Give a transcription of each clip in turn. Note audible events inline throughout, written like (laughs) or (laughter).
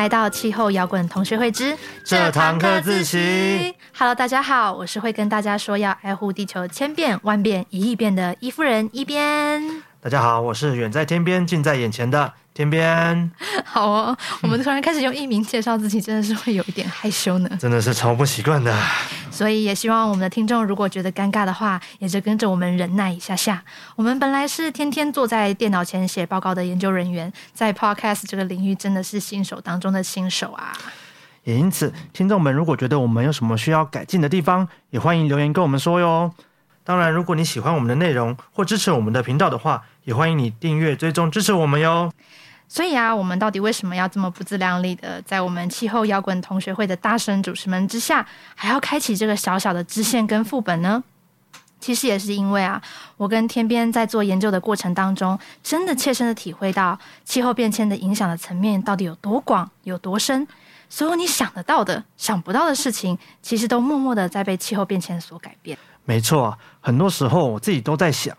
來到氣候搖滾同學會之這，這堂課自習。Hello，大家好，我是會跟大家說要愛護地球千遍萬遍一億遍的伊夫人一邊。大家好，我是遠在天邊近在眼前的。天邊，好哦！我們突然開始用藝名介紹自己，嗯，真的是會有一點害羞呢。真的是超不習慣的。所以也希望我們的聽眾，如果覺得尷尬的話，也就跟着我們忍耐一下下。我們本來是天天坐在電腦前寫報告的研究人員，在 Podcast 這個領域，真的是新手當中的新手啊。也因此，聽眾們如果覺得我們有什麼需要改進的地方，也歡迎留言跟我們說喲。當然，如果你喜歡我們的內容或支持我們的頻道的話，也歡迎你訂閱追蹤支持我們喲。所以啊，我們到底為什麼要這麼不自量力的，在我們氣候搖滾同學會的大神主持們之下，還要開啟這個小小的支線跟副本呢？其實也是因為啊，我跟天邊在做研究的過程當中，真的切身的體會到氣候變遷的影響的層面到底有多廣、有多深，所有你想得到的、想不到的事情，其實都默默的在被氣候變遷所改變。沒錯，很多時候我自己都在想，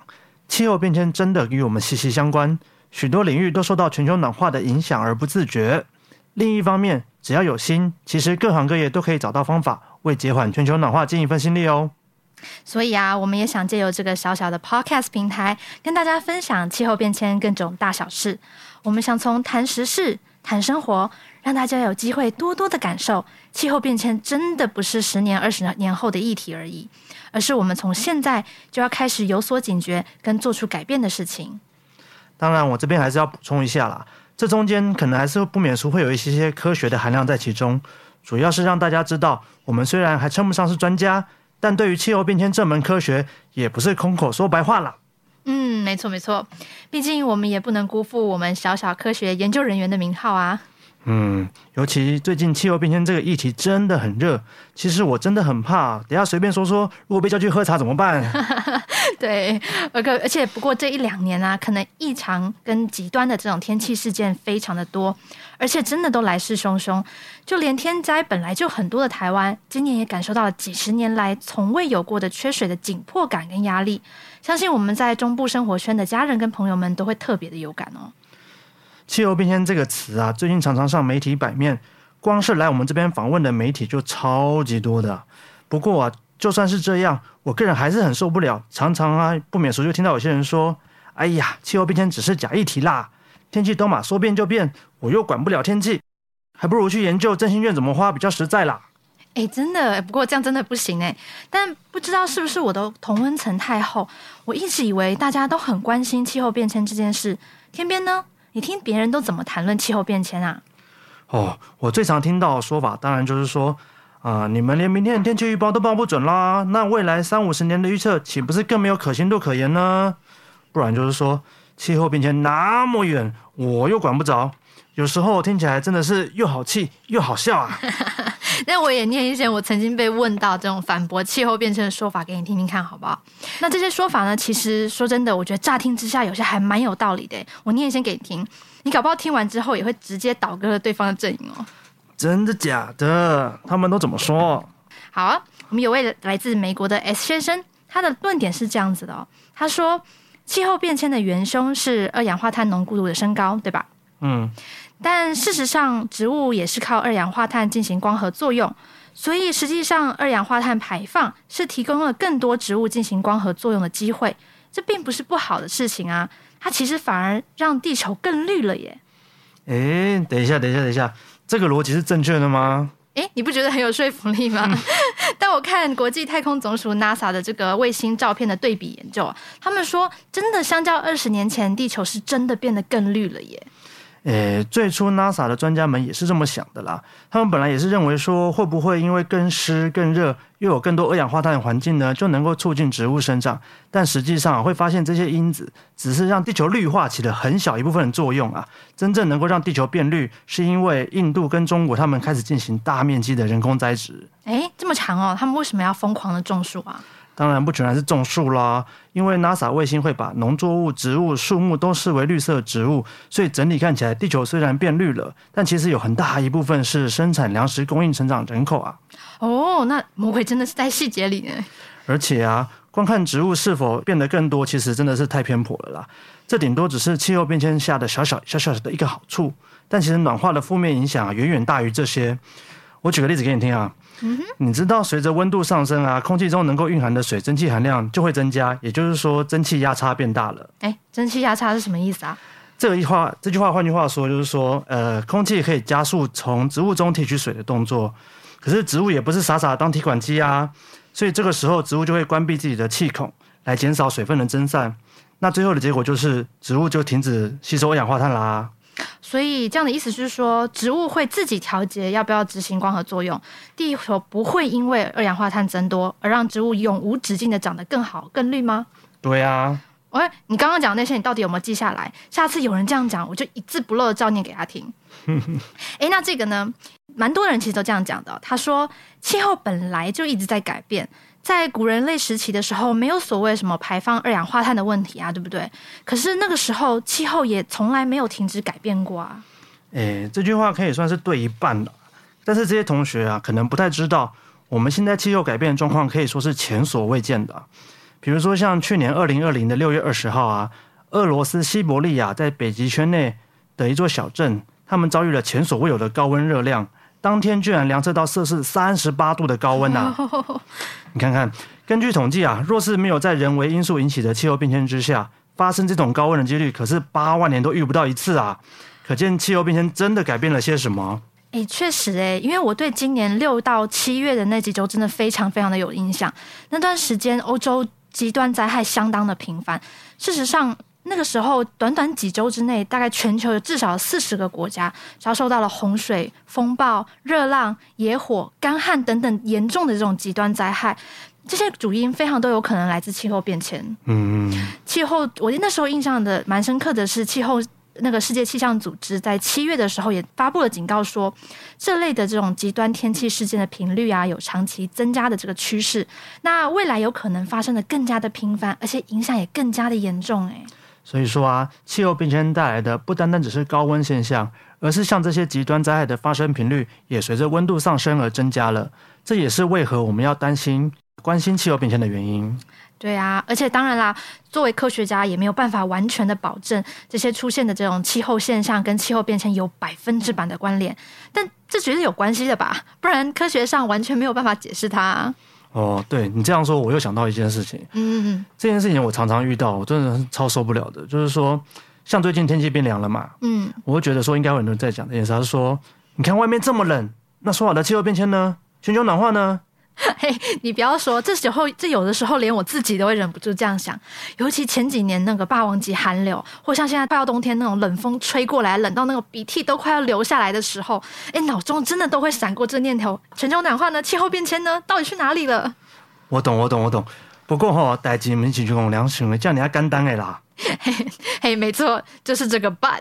氣候變遷真的與我們息息相關。許多領域都受到全球暖化的影響而不自覺。另一方面，只要有心，其實各行各業都可以找到方法，為減緩全球暖化盡一份心力哦。所以啊，我們也想借由這個小小的 Podcast 平台，跟大家分享氣候變遷各種大小事。我們想從談時事、談生活，讓大家有機會多多的感受，氣候變遷真的不是十年、二十年後的議題而已，而是我們從現在就要開始有所警覺跟做出改變的事情。當然，我這邊還是要補充一下啦。這中間可能還是不免說會有一些些科學的含量在其中，主要是讓大家知道，我們雖然還稱不上是專家，但對於氣候變遷這門科學也不是空口說白話啦。嗯，沒錯沒錯，畢竟我們也不能辜負我們小小科學研究人員的名號啊。嗯，尤其最近氣候變遷這個議題真的很熱，其實我真的很怕，等下隨便說說，如果被叫去喝茶怎麼辦？ (laughs) (laughs) 對，而而且，不過這一兩年呢、啊，可能異常跟極端的這種天氣事件非常的多，而且真的都來勢洶洶。就連天災本來就很多的台灣，今年也感受到了幾十年來從未有過的缺水的緊迫感跟壓力。相信我們在中部生活圈的家人跟朋友們都會特別的有感哦。氣候變遷這個詞啊，最近常常上媒體版面，光是來我們這邊訪問的媒體就超級多的。不過啊。就算是這樣，我個人還是很受不了。常常啊，不免俗就聽到有些人說：“哎呀，氣候變遷只是假議題啦，天氣都嘛說變就變，我又管不了天氣，還不如去研究振興券怎麼花比較實在啦。欸”哎，真的，不過這樣真的不行哎、欸。但不知道是不是我的同溫層太厚，我一直以為大家都很關心氣候變遷這件事。天邊呢？你聽別人都怎麼談論氣候變遷啊？哦，我最常聽到的說法，當然就是說。啊、呃！你們連明天的天氣預報都報不準啦，那未來三五十年的預測豈不是更沒有可信度可言呢？不然就是說，氣候變遷那麼遠，我又管不着。有時候聽起來真的是又好氣又好笑啊。那 (laughs) 我也念一些我曾經被問到這種反駁氣候變遷的說法給你聽聽看好不好？那這些說法呢，其實說真的，我覺得乍聽之下有些還蠻有道理的。我念一些給你聽，你搞不好聽完之後也會直接倒戈了對方的陣營哦。真的假的？他們都怎麼說？好啊，我們有位來自美國的 S 先生，他的論點是這樣子的哦。他說，氣候變遷的元凶是二氧化碳濃度的升高，對吧？嗯。但事實上，植物也是靠二氧化碳進行光合作用，所以實際上二氧化碳排放是提供了更多植物進行光合作用的機會。這並不是不好的事情啊，它其實反而讓地球更綠了耶。誒，等一下，等一下，等一下。這個邏輯是正確的嗎？誒，你不覺得很有說服力嗎？嗯。但我看國際太空總署 NASA 的這個衛星照片的對比研究，他們說真的，相較二十年前，地球是真的變得更綠了耶。誒，最初 NASA 的專家們也是這麼想的啦。他們本來也是認為說，會不會因為更濕、更熱，又有更多二氧化碳的環境呢，就能夠促進植物生長？但實際上啊，會發現這些因子只是讓地球綠化起了很小一部分的作用啊。真正能夠讓地球變綠，是因為印度跟中國他們開始進行大面積的人工栽植。誒，這麼長哦，他們為什麼要瘋狂的種樹啊？當然不全然是種樹啦，因為 NASA 衛星會把農作物、植物、樹木都視為綠色植物，所以整體看起來地球雖然變綠了，但其實有很大一部分是生產糧食、供應成長人口啊。哦，那魔鬼真的是在細節裡呢。而且啊，光看植物是否變得更多，其實真的是太偏頗了啦。這頂多只是氣候變遷下的小小小小小的一個好處，但其實暖化的負面影響啊，遠遠大於這些。我舉個例子給你聽啊。嗯哼， (noise) 你知道隨着溫度上升啊，空氣中能夠蘊含的水蒸氣含量就會增加，也就是說蒸汽壓差變大了。誒，蒸汽壓差是什麼意思啊？這個一話，這句話換句話說就是說，呃，空氣可以加速從植物中提取水的動作，可是植物也不是傻傻當提款機啊，所以這個時候植物就會關閉自己的氣孔來減少水分的蒸散，那最後的結果就是植物就停止吸收二氧化碳啦。所以，這樣的意思是說，植物會自己調節要不要執行光合作用。地球不會因為二氧化碳增多而讓植物永無止境的長得更好、更綠嗎？對啊。喂、欸，你剛剛講的那些，你到底有沒有記下來？下次有人這樣講，我就一字不漏的照念給他聽。哎、 (laughs) 欸，那這個呢？蠻多人其實都這樣講的。他說，氣候本來就一直在改變。在古人類時期的時候，沒有所謂什麼排放二氧化碳的問題啊，對不對？可是那個時候氣候也從來沒有停止改變過啊。哎、欸，這句話可以算是對一半了。但是這些同學啊，可能不太知道，我們現在氣候改變的狀況可以說是前所未見的。比如說像去年二零二零的六月二十號啊，俄羅斯西伯利亞在北極圈內的一座小鎮，他們遭遇了前所未有的高溫熱量。當天居然量測到攝氏三十八度的高溫啊！你看看，根據統計啊，若是沒有在人為因素引起的氣候變遷之下發生這種高溫的幾率，可是八萬年都遇不到一次啊！可見氣候變遷真的改變了些什麼。哎，確實誒，因為我對今年六到七月的那幾周真的非常非常的有印象，那段時間歐洲極端災害相當的頻繁。事實上。那個時候，短短幾周之內，大概全球有至少四十個國家遭受到了洪水、風暴、熱浪、野火、乾旱等等嚴重的這種極端災害。這些主因非常都有可能來自氣候變遷。嗯，氣候。我那時候印象的蠻深刻的是，氣候那個世界氣象組織在七月的時候也發布了警告說，說這類的這種極端天氣事件的頻率啊，有長期增加的這個趨勢。那未來有可能發生的更加的頻繁，而且影響也更加的嚴重。欸。哎。所以說啊，氣候變遷帶來的不單單只是高溫現象，而是像這些極端災害的發生頻率也隨着溫度上升而增加了。這也是為何我們要擔心、關心氣候變遷的原因。對啊，而且當然啦，作為科學家也沒有辦法完全的保證這些出現的這種氣候現象跟氣候變遷有百分之百的關聯，但這絕對有關係的吧？不然科學上完全沒有辦法解釋它。哦，對你這樣說，我又想到一件事情。嗯哼，這件事情我常常遇到，我真的是超受不了的。就是說，像最近天氣變涼了嘛，嗯，我會覺得說應該有很多人在講這件事，他說你看外面這麼冷，那說好的氣候變遷呢？全球暖化呢？嘿，你不要說，這時候這有的時候連我自己都會忍不住這樣想，尤其前幾年那個霸王級寒流，或像現在快要冬天那種冷風吹過來，冷到那個鼻涕都快要流下來的時候，哎，腦中真的都會閃過這念頭：全球暖化呢，氣候變遷呢，到底去哪裡了？我懂，我懂，我懂。不過吼，代誌不是憨人想的，這麼簡單的啦嘿。嘿，沒錯，就是這個 but。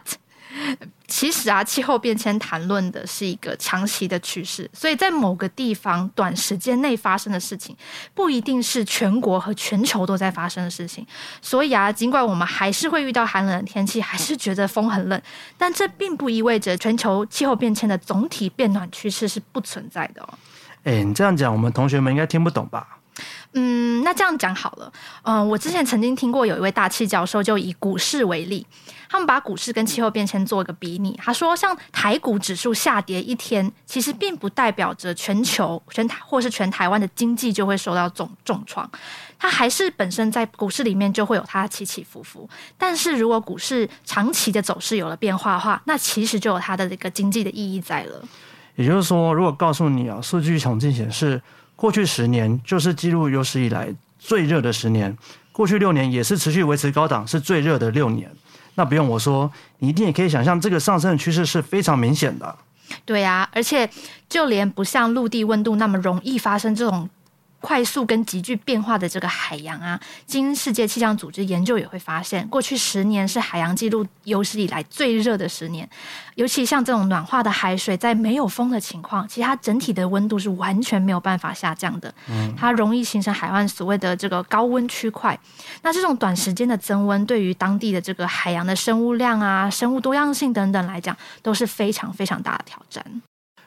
其實啊，氣候變遷談論的是一個長期的趨勢，所以在某個地方短時間內發生的事情，不一定是全國和全球都在發生的事情。所以啊，儘管我們還是會遇到寒冷的天氣，還是覺得風很冷，但這並不意味着全球氣候變遷的總體變暖趨勢是不存在的哦。哎，你這樣講，我們同學們應該聽不懂吧？嗯，那這樣講好了。嗯，我之前曾經聽過有一位大氣教授，就以股市為例。他們把股市跟氣候變遷做一個比擬，他說：“像台股指數下跌一天，其實並不代表着全球全台或是全台灣的經濟就會受到重重創，它還是本身在股市裡面就會有它起起伏伏。但是如果股市長期的走勢有了變化的話，那其實就有它的這個經濟的意義在了。也就是說，如果告訴你啊，數據統計顯示，過去十年就是記錄有史以來最熱的十年，過去六年也是持續維持高檔，是最熱的六年。”那不用我說，你一定也可以想象，這個上升的趨勢是非常明顯的。對呀，而且就連不像陸地溫度那麼容易發生這種。快速跟急劇變化的這個海洋啊，經世界氣象組織研究也會發現，過去十年是海洋記錄有史以來最熱的十年。尤其像這種暖化的海水，在沒有風的情況，其實它整體的溫度是完全沒有辦法下降的。嗯，它容易形成海岸所謂的這個高溫區塊。那這種短時間的增溫，對於當地的這個海洋的生物量啊、生物多樣性等等來講，都是非常非常大的挑戰。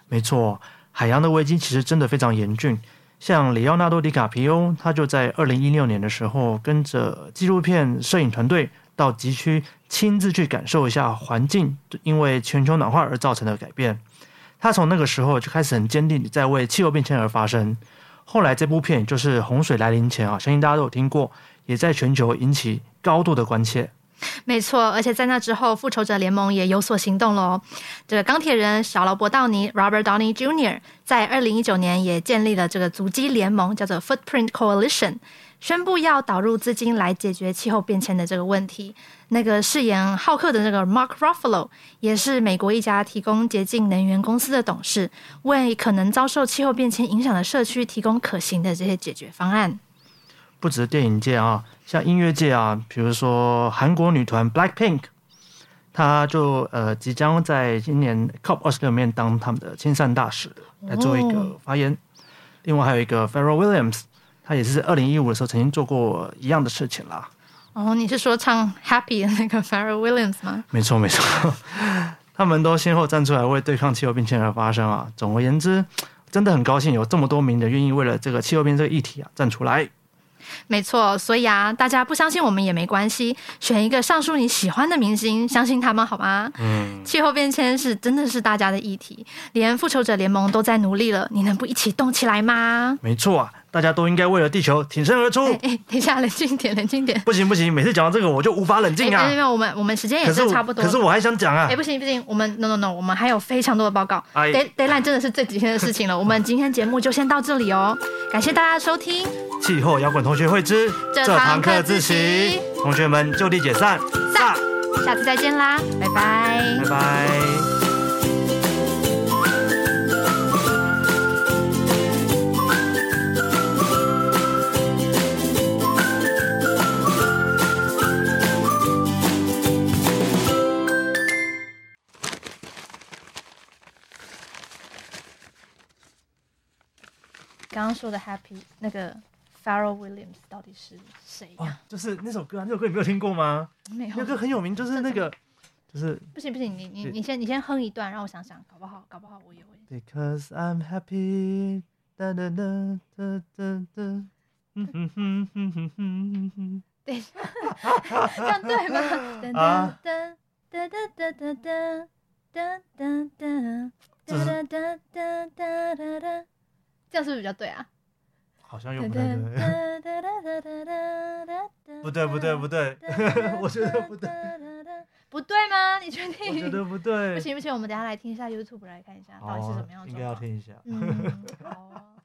沒錯，海洋的危機其實真的非常嚴峻。像里奧納多·迪卡皮歐，他就在二零一六年的時候，跟着紀錄片攝影團隊到極區，親自去感受一下環境因為全球暖化而造成的改變。他從那個時候就開始很堅定，在為氣候變遷而發聲。後來這部片就是《洪水來臨前》啊，相信大家都有聽過，也在全球引起高度的關切。沒錯，而且在那之後，復仇者聯盟也有所行動咯。這個鋼鐵人小羅伯·道尼 （Robert Downey Jr.） 在2019年也建立了這個足跡聯盟，叫做 Footprint Coalition，宣布要導入資金來解決氣候變遷的這個問題。那個飾演浩克的那個 Mark Ruffalo 也是美國一家提供潔淨能源公司的董事，為可能遭受氣候變遷影響的社區提供可行的這些解決方案。不止電影界啊，像音樂界啊，比如說韓國女團 BLACKPINK，他就呃即將在今年 COP 二十六面當他們的親善大使來做一個發言。哦、另外還有一個 Pharrell Williams，他也是二零一五的時候曾經做過一樣的事情啦。哦，你是說唱 Happy 的那個 Pharrell Williams 嗎？沒錯沒錯，他 (laughs) 們都先後站出來為對抗氣候變遷而發聲啊。總而言之，真的很高興有這麼多名人願意為了這個氣候變這個議題啊站出來。沒錯，所以啊，大家不相信我們也沒關係，選一個上述你喜歡的明星，相信他們好嗎？嗯，氣候變遷是真的是大家的議題，連復仇者聯盟都在努力了，你能不一起動起來嗎？沒錯啊。大家都應該為了地球挺身而出。欸欸、等一下，冷靜一點，冷靜點。不行不行，每次講到這個我就無法冷靜啊。哎、欸，沒有，我們我們時間也是差不多可，可是我還想講啊。哎、欸，不行不行，我們 no no no，我們還有非常多的報告。哎，Deadline 真的是這幾天的事情了。 (laughs) 我們今天節目就先到這裡哦，感謝大家收聽。氣候搖滾同學會之，這堂課自習，同學們就地解散。散，下次再見啦，拜拜，拜拜。剛剛說的 Happy 那個 Pharrell Williams 到底是誰呀？啊？就是那首歌啊，那首歌你沒有聽過嗎？有，那首歌很有名，就是那個，就是，不行不行，你你你先你先哼一段，讓我想想，搞不好搞不好我有。Because I'm happy。等一下，這樣對嗎？這樣是不是比較對啊？好像又不太對。呃、結 realised, 結結不對。不對不對 (laughs) 不，不對，我覺得不對。不對嗎？你確定？我覺得不對。不行不行，我們等下來聽一下 YouTube 來看一下好，到底是什麼樣。應該要聽一下。嗯，好。 (laughs)